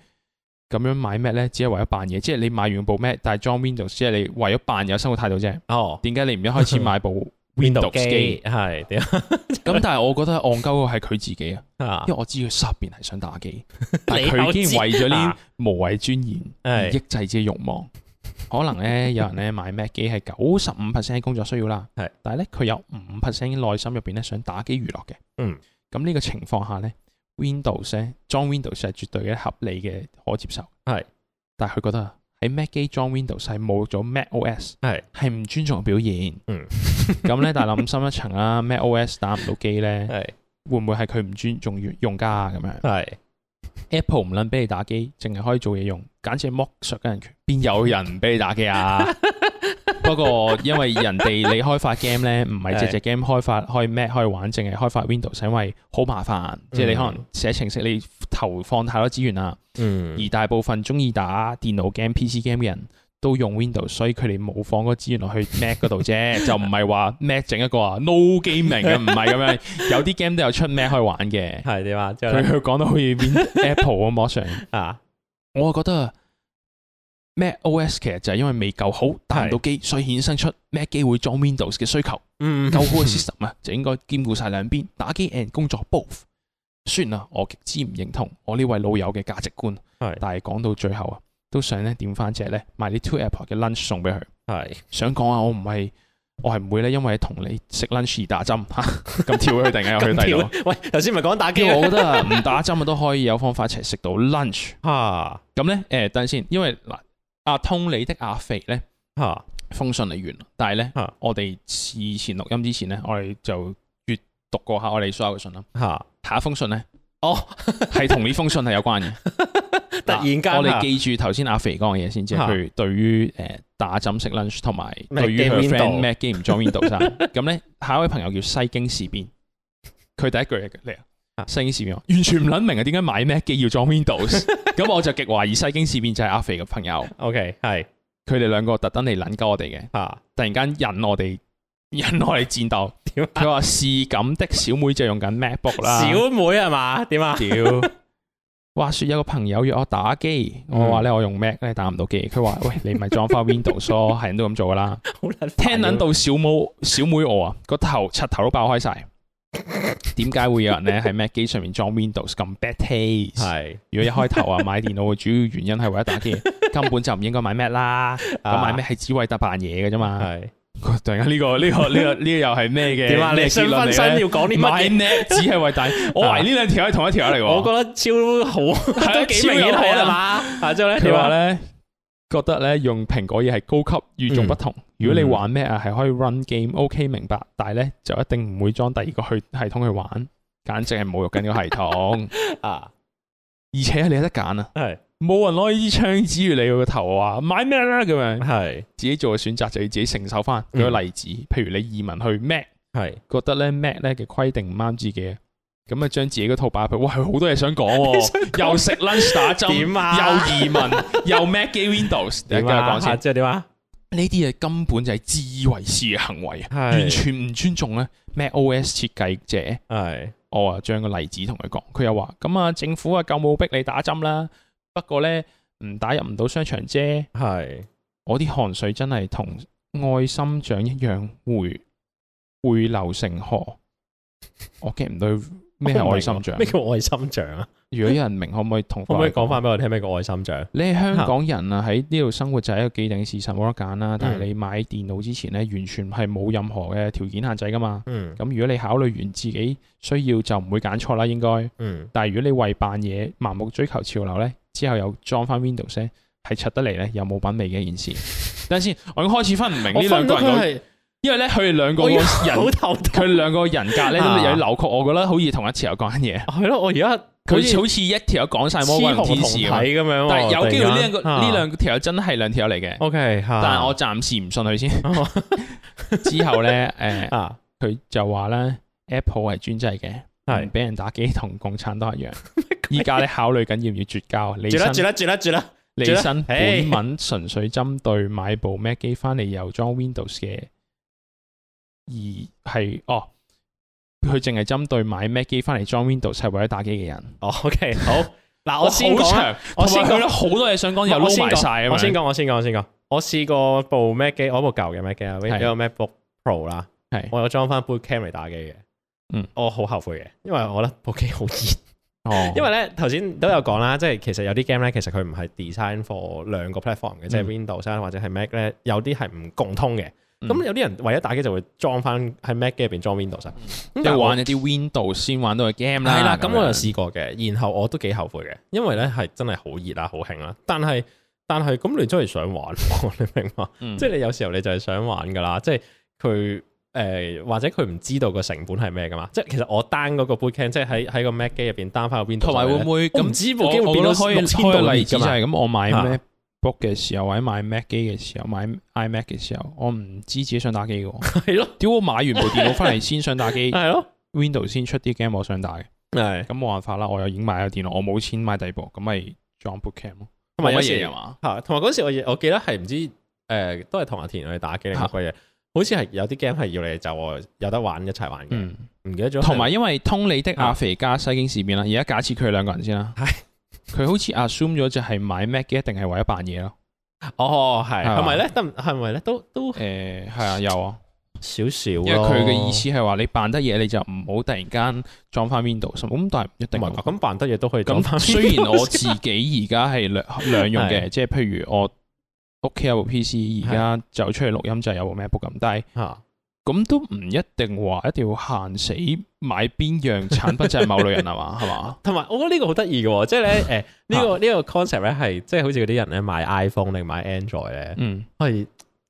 咁樣買咩 a 咧，只係為咗扮嘢。即係你買完部咩？但係裝 Windows，只係你為咗扮有生活態度啫。哦，點解你唔一開始買部？Windows 機係點啊？咁 但係我覺得戇鳩嘅係佢自己啊， 因為我知佢心入邊係想打機，但係佢竟然為咗呢無謂尊嚴而抑制自己慾望。 可能咧有人咧買 Mac 機係九十五 percent 工作需要啦，係， 但係咧佢有五 percent 嘅內心入邊咧想打機娛樂嘅。嗯，咁呢個情況下咧，Windows 咧裝 Windows 係絕對嘅合理嘅可接受，係， 但係佢覺得。喺 Mac 機裝 Windows 係侮辱咗 Mac OS，係係唔尊重嘅表現。嗯，咁咧但係諗深一層啦，Mac OS 打唔到機咧，會唔會係佢唔尊重用家啊？咁樣係 Apple 唔撚俾你打機，淨係可以做嘢用，簡直係剝削人權，邊有人唔俾你打機啊？ 不過，因為人哋你開發 game 咧，唔係隻隻 game 開發可以 Mac 可以玩，淨係開發 Windows，因為好麻煩，嗯、即係你可能寫程式，你投放太多資源啦。嗯。而大部分中意打電腦 game、PC game 嘅人都用 Windows，所以佢哋冇放個資源落去 Mac 嗰度啫， 就唔係話 Mac 整一個啊 no game 明嘅，唔係咁樣。有啲 game 都有出 Mac 可以玩嘅，係你話，佢佢講到好似 Apple 嘅模式啊，我覺得。咩 OS 其實就係因為未夠好打唔到機，是所以衍生出咩機會裝 Windows 嘅需求。嗯，夠好嘅 system 啊，就應該兼顧晒兩邊打機 and 工作 both。雖然啊，我極之唔認同我呢位老友嘅價值觀。是但係講到最後啊，都想咧點翻隻咧買啲 two app 嘅 lunch 送俾佢。係是，想講啊，我唔係，我係唔會咧，因為同你食 lunch 而打針吓，咁 跳咗佢定啊，又去第二個。喂，頭先唔係講打機、欸？我覺得唔打針啊都可以有方法一齊食到 lunch 吓。咁咧誒，等陣先，因為嗱。阿通你的阿肥咧，嚇哈封信嚟完，但係咧，哈我哋事前錄音之前咧，我哋就閲讀過下我哋所有嘅信啦。嚇哈，下一封信咧，哦，係同呢封信係有關嘅。突然間、啊，我哋記住頭先阿肥講嘅嘢先至係佢對於誒打針食 lunch 同埋對於佢 friend Mac Game 唔 join Window 咁咧，下一位朋友叫西京事變，佢第一句係嚟啊。西京市面，完全唔撚明啊！點解買 Mac 機要裝 Windows？咁 我就極懷疑西京市面就係阿肥嘅朋友。OK，係佢哋兩個特登嚟撚鳩我哋嘅。啊！突然間引我哋，引我哋戰鬥。佢話、 啊、是咁的，小妹就用緊 MacBook 啦。小妹係嘛？點啊？屌！ 話說有個朋友約我打機，我話咧，我用 Mac，、嗯、你打唔到機。佢話喂，你咪裝翻 Windows 咯、啊，係 人都咁做噶啦。好諗、啊，聽撚到小妹，小妹我啊，個頭柒頭都爆開晒。點解會有人咧喺 Mac 機上面裝 Windows 咁 bad taste？係如果一開頭啊買電腦嘅主要原因係為咗打機，根本就唔應該買 Mac 啦。咁買 Mac 係只為得扮嘢嘅啫嘛？係突然間呢個呢個呢個呢個又係咩嘅？你想本身要講啲乜嘢？買 Mac 只係為大，我懷疑呢兩條係同一條嚟。我覺得超好，係啊，都幾明顯好啊嘛。啊，之後咧，佢話咧，覺得咧用蘋果嘢係高級與眾不同。嗯、如果你玩咩啊，係可以 run game，OK、嗯 OK，明白。但係咧就一定唔會裝第二個去系統去玩，簡直係侮辱緊個系統 啊！而且你有得揀啊，係冇是人攞支槍指住你個頭啊。買咩啦咁樣，係是自己做嘅選擇就要自己承受翻。舉個例子，譬、嗯、如你移民去 Mac，係是覺得咧 Mac 咧嘅規定唔啱自己。咁啊，將自己嗰套擺入去，哇，係好多嘢想講喎，又食 lunch 打針，啊、又移民， 又 Mac 機 Windows，你繼續講先。即係點啊？呢啲嘢根本就係自以為是嘅行為，的完全唔尊重咧。Mac OS 設計者，係的我啊，將個例子同佢講，佢又話，咁、嗯、啊，政府啊，夠冇逼你打針啦，不過咧，唔打入唔到商場啫。係的我啲汗水真係同愛心像一樣匯匯流成河，我驚唔到。 咩係愛心獎？咩叫愛心獎啊？如果有人明， 可唔可以同可唔可以講翻俾我聽咩叫愛心獎？ 你係香港人啊，喺呢度生活就係一個既定事實，什冇得揀啦。但係你買電腦之前咧，完全係冇任何嘅條件限制噶嘛。嗯。咁如果你考慮完自己需要，就唔會揀錯啦，應該。嗯。但係如果你為扮嘢盲目追求潮流咧，之後又裝翻 Windows 咧，係出得嚟咧又冇品味嘅一件事。 等下先，我已經開始分唔明呢兩個人。因為咧佢哋兩個人佢兩個人格咧有啲扭曲，我覺得好似同一次有關嘢。係咯，我而家佢好似一條友講晒魔幻天線咁樣，但係有機會呢個呢兩條友真係兩條友嚟嘅。OK，但係我暫時唔信佢先。之後咧，誒啊，佢就話咧，Apple 係專制嘅，係俾人打機同共產黨一樣。依家咧考慮緊要唔要絕交？住啦住啦住啦住啦！利申本文純粹針對買部 Mac 機返嚟又裝 Windows 嘅。而係哦，佢淨係針對買 Mac 機翻嚟裝 Windows 係為咗打機嘅人。哦，OK，好。嗱，我先講，我先講好多嘢想講，又撈埋曬。我先講，我先講，我先講。我試過部 Mac 機，我部舊嘅 Mac 機啊，有 MacBook Pro 啦，我有裝翻 Boot Camp 嚟打機嘅。嗯，我好後悔嘅，因為我覺得部機好熱。哦，因為咧頭先都有講啦，即係其實有啲 game 咧，其實佢唔係 design for 兩個 platform 嘅，即係 Windows 啦或者係 Mac 咧，有啲係唔共通嘅。咁、嗯、有啲人為咗打機就會裝翻喺 Mac 機入邊裝 Windows，又玩一啲 Windows 先玩到個 game 啦。係啦，咁我又試過嘅，然後我都幾後悔嘅，因為咧係真係好熱啦，好興啦。但係但係咁你真係想玩， 你明嘛？嗯、即係你有時候你就係想玩噶啦。即係佢誒或者佢唔知道個成本係咩噶嘛？即係其實我 down 嗰個 bootcamp 即係喺喺個 Mac 機入邊 down 翻個 Windows，同埋會唔會？咁唔知部機我那變咗開 Windows 就係咁，我買 book 嘅時候，或者買 Mac 機嘅時候，買 iMac 嘅時候，我唔知自己想打機嘅，係咯，屌，我買完部電腦翻嚟先想打機，係咯，Windows 先出啲 game 我想打嘅，係，咁冇辦法啦，我又已經買咗電腦，我冇錢買第二部，咁咪裝 bookcam 咯，同埋乜嘢？係嘛，係，同埋嗰時我我記得係唔知誒、呃，都係同阿田去打機，乜鬼嘢，是的 好似係有啲 game 係要嚟就我有得玩一齊玩嘅，唔、嗯、記得咗，同埋因為通你的阿肥加《西、嗯、京事變》啦，而家假設佢兩個人先啦，係。 佢好似 assume 咗就係買 Mac 機，一定係為咗扮嘢咯。哦，係，係咪咧？都係咪咧？都都誒，係啊、欸，有啊，少少。因為佢嘅意思係話你扮得嘢，你就唔好突然間裝返 Windows。咁但係唔一定。咁扮、啊、得嘢都可以 Windows, 那。咁雖然我自己而家係兩 兩用嘅，即係譬如我屋企有部 PC，而家就出去錄音就係有部 MacBook 咁，低。係的。是咁都唔一定話一定要限死買邊樣產品就係 某類人啊嘛，係嘛？同埋我覺得呢個好得意嘅，即係咧，誒，呢個呢個 concept 咧係即係好似嗰啲人咧，買 iPhone 定買 Android 咧，係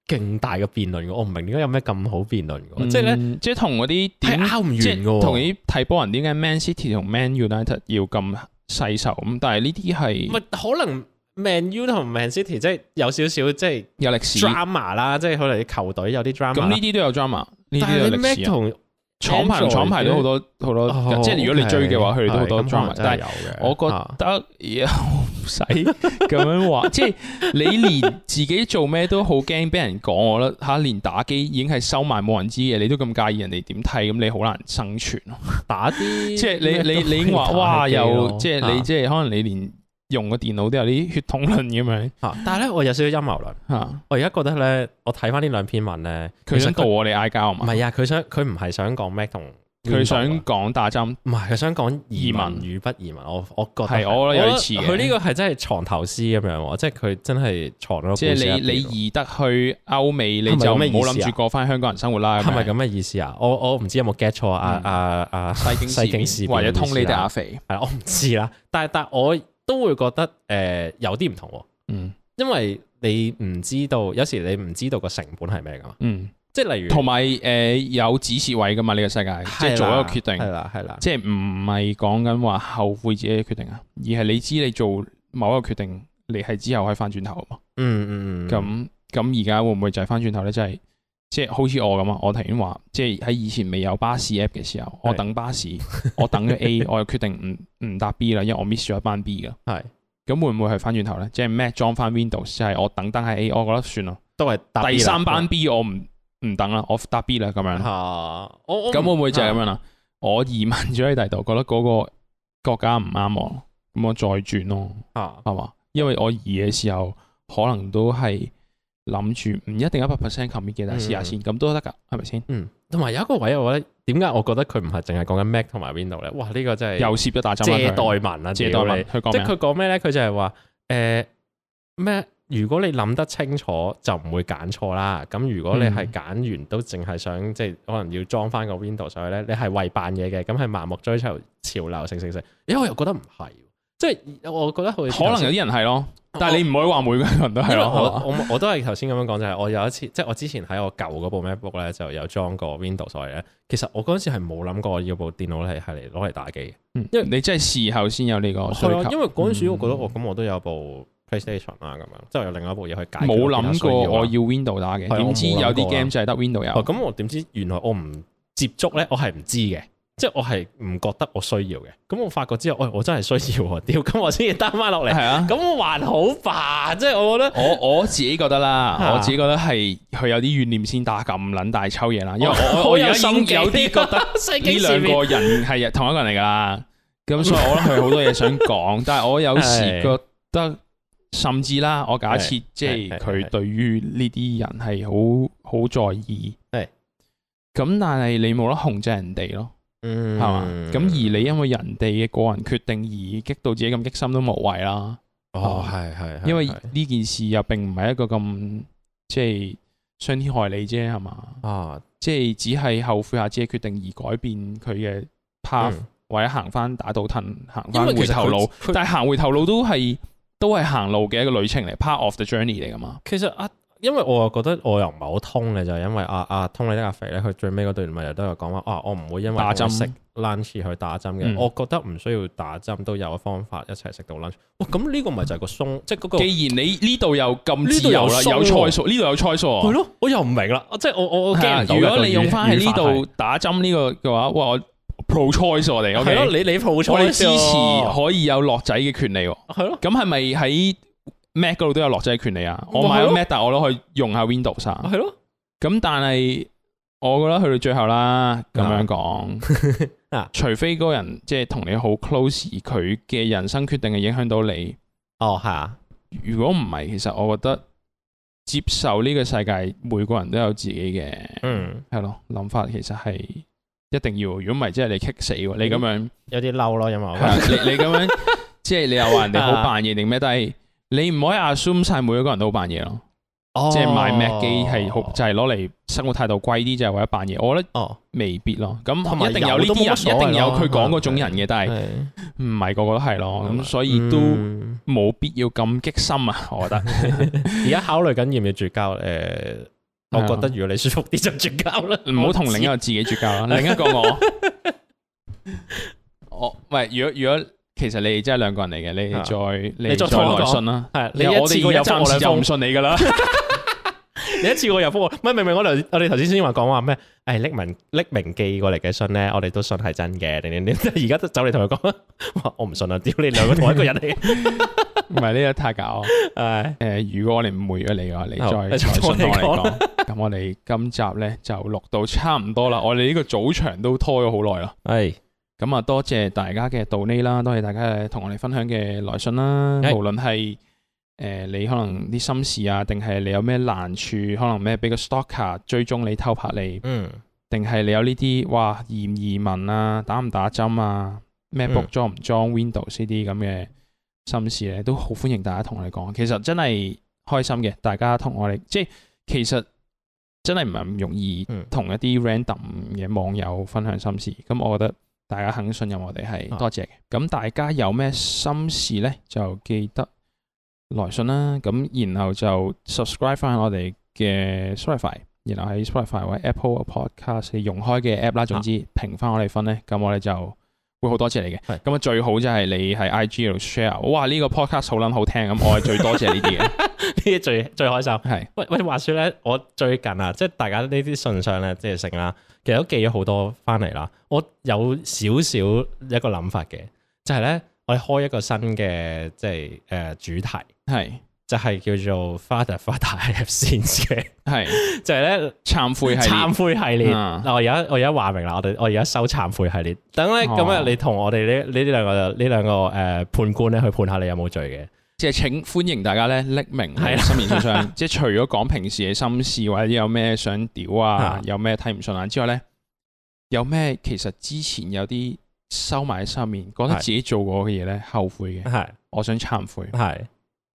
勁大嘅辯論嘅，我唔明點解有咩咁好辯論嘅，即係咧即係同嗰啲係拗唔完，同啲睇波人點解 Man City 同 Man United 要咁細手咁？但係呢啲係係可能？Man U 同 Man City 即係有少少即係有歷史 drama 啦，即係可能啲球隊有啲 drama。咁呢啲都有 drama，但係你 Mac 同廠牌廠牌都好多好多，即係如果你追嘅話，佢哋都好多 drama。但係有嘅，我覺得唔使咁樣話，即係你連自己做咩都好驚俾人講。我覺得吓，連打機已經係收埋冇人知嘅，你都咁介意人哋點睇，咁你好難生存。打啲即係你你你話哇又即係你即係可能你連。用個電腦都有啲血統論咁樣，但係咧我有少少陰謀論。我而家覺得咧，我睇翻呢兩篇文咧，佢想同我哋嗌交啊嘛？唔係啊，佢想佢唔係想講 Mac 同，佢想講打針，唔係佢想講移民與不移民。我我覺得係我有啲似。佢呢個係真係藏頭詩咁樣，即係佢真係藏咗。即係你你移得去歐美，你就冇諗住過翻香港人生活啦。係咪咁嘅意思啊？我我唔知有冇 get 錯啊啊啊西京西事或者通你哋阿肥，我唔知啦。但係但我。都會覺得誒、呃、有啲唔同、哦，嗯，因為你唔知道，有時你唔知道個成本係咩噶嘛，嗯，即係例如同埋誒有指示、呃、位噶嘛，呢、這個世界的即係做一個決定係啦係啦，即係唔係講緊話後悔自己嘅決定啊，而係你知你做某一個決定，你係之後可以翻轉頭啊嘛，嗯嗯嗯，咁咁而家會唔會就係翻轉頭咧，即係？即係好似我咁啊！我頭先話，即係喺以前未有巴士 app 嘅時候，是我等巴士，我等咗 A，我又決定唔唔搭 B 啦，因為我 miss 咗一班 B 噶。係是，咁會唔會係翻轉頭咧？即係 Mac 裝翻 Windows，係我等等喺 A，我覺得算咯，都係第三班 B，我唔唔、啊、等啦，我搭 B 啦咁樣。啊，我咁會唔會就係咁樣啦？我移民咗喺第度，覺得嗰個國家唔啱我，咁我再轉咯。啊，係嘛？因為我移嘅時候可能都係。諗住唔一定可可一百 percent 求勉嘅，但係試下先，咁都得㗎，係咪先？嗯，同埋、嗯、有一個位我覺得點解我覺得佢唔係淨係講緊 Mac 同埋 Window 咧？哇，呢、呢個真係又涉咗大浸啦！借代文啊，啊借代文即係佢講咩咧？佢就係話誒咩？如果你諗得清楚，就唔會揀錯啦。咁如果你係揀完都淨係想即係、嗯、可能要裝翻個 Window 上去咧，你係為扮嘢嘅，咁係盲目追求潮流成成成。咦？我又覺得唔係喎。即係，我覺得可能有啲人係咯，但係你唔可以話每個人都係咯。我我我都係頭先咁樣講，就係我有一次，即係我之前喺我舊嗰部 MacBook 咧，就有裝過 Windows 所以咧，其實我嗰陣時係冇諗過要部電腦係係嚟攞嚟打機、嗯、因為你真係事後先有呢個需求。嗯、因為嗰陣時我覺得，嗯、我咁我都有部 PlayStation 啦、啊。咁樣即係有另外一部嘢去解。冇諗過我要 Windows 打嘅，點知有啲 game 就係得 Windows 有。咁我點知原來我唔接觸咧，我係唔知嘅。即係我係唔覺得我需要嘅，咁我發覺之後，我、哎、我真係需要，屌，咁我先至 down 翻落嚟，咁我還好吧，即係我覺得，我我自己覺得啦，我自己覺得係佢、啊、有啲怨念先打咁撚大抽嘢啦，因為我我而家有啲覺得呢兩個人係同一個人嚟噶啦，咁所以我諗佢好多嘢想講， 但係我有時覺得甚至啦，我假設即係佢對於呢啲人係好好在意，咁但係你冇得控制人哋咯。嗯，係嘛？咁而你因為人哋嘅個人決定而激到自己咁激心都無謂啦。哦，係係、嗯，因為呢件事又並唔係一個咁即係傷天害理啫，係嘛？啊，即係只係後悔下自己決定而改變佢嘅 path，、嗯、或者行翻打倒褪行翻回頭路。但係行回頭路都係佢都係行路嘅一個旅程嚟，part of the journey 嚟噶嘛？其實啊。因為我又覺得，我又唔係好通嘅，就係因為啊，啊通你啲阿肥咧，佢最尾嗰段咪又都有講話啊，我唔會因為食 lunch 去打針嘅，我覺得唔需要打針都有方法一齊食到 lunch。咁呢個咪就係個鬆，即係嗰個。既然你呢度又咁自由啦，有菜素，呢度有菜素啊。係咯，我又唔明啦。即係我我我，唔到如果你用翻喺呢度打針呢個嘅話，哇！Pro choice 我哋係咯，你你 Pro choice 支持可以有落仔嘅權利喎。係咯，咁係咪喺？Mac 嗰度，都有落即係權利啊！我買咗 Mac，但我都可以用下 Windows 啊。係咯，咁但係我覺得去到最後啦，咁樣講，除非嗰個人即係同你好 close，佢嘅人生決定係影響到你。哦，係啊。如果唔係，其實我覺得接受呢個世界，每個人都有自己嘅，嗯，係咯，諗法其實係一定要。如果唔係，即係你激死喎，你咁樣有啲嬲咯，有冇？你你咁樣即係你又話人哋好扮嘢定咩？都係。你唔可以 assume 晒每一個人都好扮嘢咯，即係買 Mac 機係好，就係攞嚟生活態度貴啲，就係為咗扮嘢。我覺得哦，未必咯。咁一定有呢啲人，一定有佢講嗰種人嘅，但係唔係個個都係咯。咁所以都冇必要咁激心啊！我覺得而家考慮緊要唔要絕交？誒，我覺得如果你舒服啲就絕交啦，唔好同另一個自己絕交啊！另一個我，我喂，如果如果。其實你真係兩個人嚟嘅，你再你再來信啦，係你一次我又一次唔信你噶啦，你一次我又覆，唔係明明我頭我哋頭先先話講話咩？誒，匿名匿名寄過嚟嘅信咧，我哋都信係真嘅，點點點，而家就走嚟同佢講啦，我唔信啊，屌你兩個同一個人嚟，唔係呢個太搞，誒誒，如果我哋誤會咗你嘅話，你再來信同我嚟講。咁我哋今集咧就錄到差唔多啦，我哋呢個早場都拖咗好耐啦，係。咁啊、嗯，多謝大家嘅倒呢啦，多謝大家同我哋分享嘅來信啦。哎、無論係誒、呃、你可能啲心事啊，定係你有咩難處，可能咩俾個 stalker 追蹤你、偷拍你，定係、嗯、你有呢啲哇？移唔移民啊，打唔打針啊？Mac、嗯、book 裝唔裝 Windows 呢啲咁嘅心事咧、啊，都好歡迎大家同我哋講。其實真係開心嘅，大家同我哋即係其實真係唔係咁容易同一啲 random 嘅網友分享心事。咁、嗯、我覺得。大家肯信任我哋係多謝嘅，咁、啊、大家有咩心事咧就記得來信啦。咁然後就 subscribe 翻我哋嘅 Spotify，然後喺 Spotify 或 Apple Podcast 用開嘅 app 啦。總之評翻我哋分咧，咁、啊、我哋就。會好多謝你嘅，咁啊是最好就係你喺 I G 度 share，哇呢、這個 podcast 好撚好聽，咁我係最多謝呢啲嘅，呢啲 最最開心。係是，喂喂，話說咧，我最近啊，即係大家呢啲信箱咧，即係剩啦，其實都寄咗好多翻嚟啦，我有少少一個諗法嘅，就係咧，我哋開一個新嘅，即係誒、呃、主題係。就係叫做 Father Father Absence 嘅，係就係咧，懺悔係懺悔系列。嗱，我而家我而家話明啦，我哋我而家收懺悔系列。等咧，咁啊，你同我哋呢呢啲兩個呢兩個誒判官咧，去判下你有冇罪嘅。即係請歡迎大家咧匿名喺面面上，即係除咗講平時嘅心事或者有咩想屌啊，有咩睇唔順眼之外咧，有咩其實之前有啲收埋喺心面，覺得自己做過嘅嘢咧後悔嘅，係我想懺悔，係。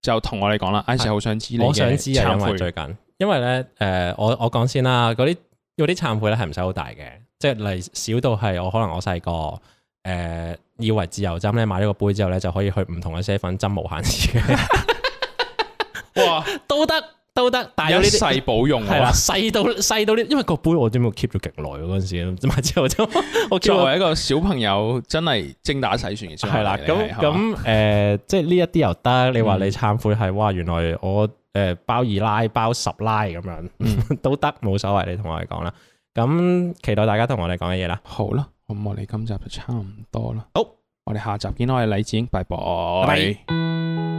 就同我哋講啦，Issac 好想知你嘅懺悔。我想知啊，因為最近，因為咧，誒、呃，我我講先啦，嗰啲嗰啲懺悔咧係唔使好大嘅，即係嚟少到係我可能我細個，誒、呃，以為自由斟咧買咗個杯之後咧就可以去唔同嘅啡粉斟無限次嘅， 哇， 都得。都得，但有啲細保用係啦，細到細到啲，因為個杯我點會 keep 咗極耐嗰陣時，之後就我作為一個小朋友真係精打細算嘅。係啦，咁咁誒，即係呢一啲又得，你話你懺悔係哇，原來我誒包二奶、包十奶咁樣，都得冇所謂，你同我哋講啦。咁期待大家同我哋講嘅嘢啦。好啦，咁我哋今集就差唔多啦。好，我哋下集見到我哋嘅勵志鷹，拜拜。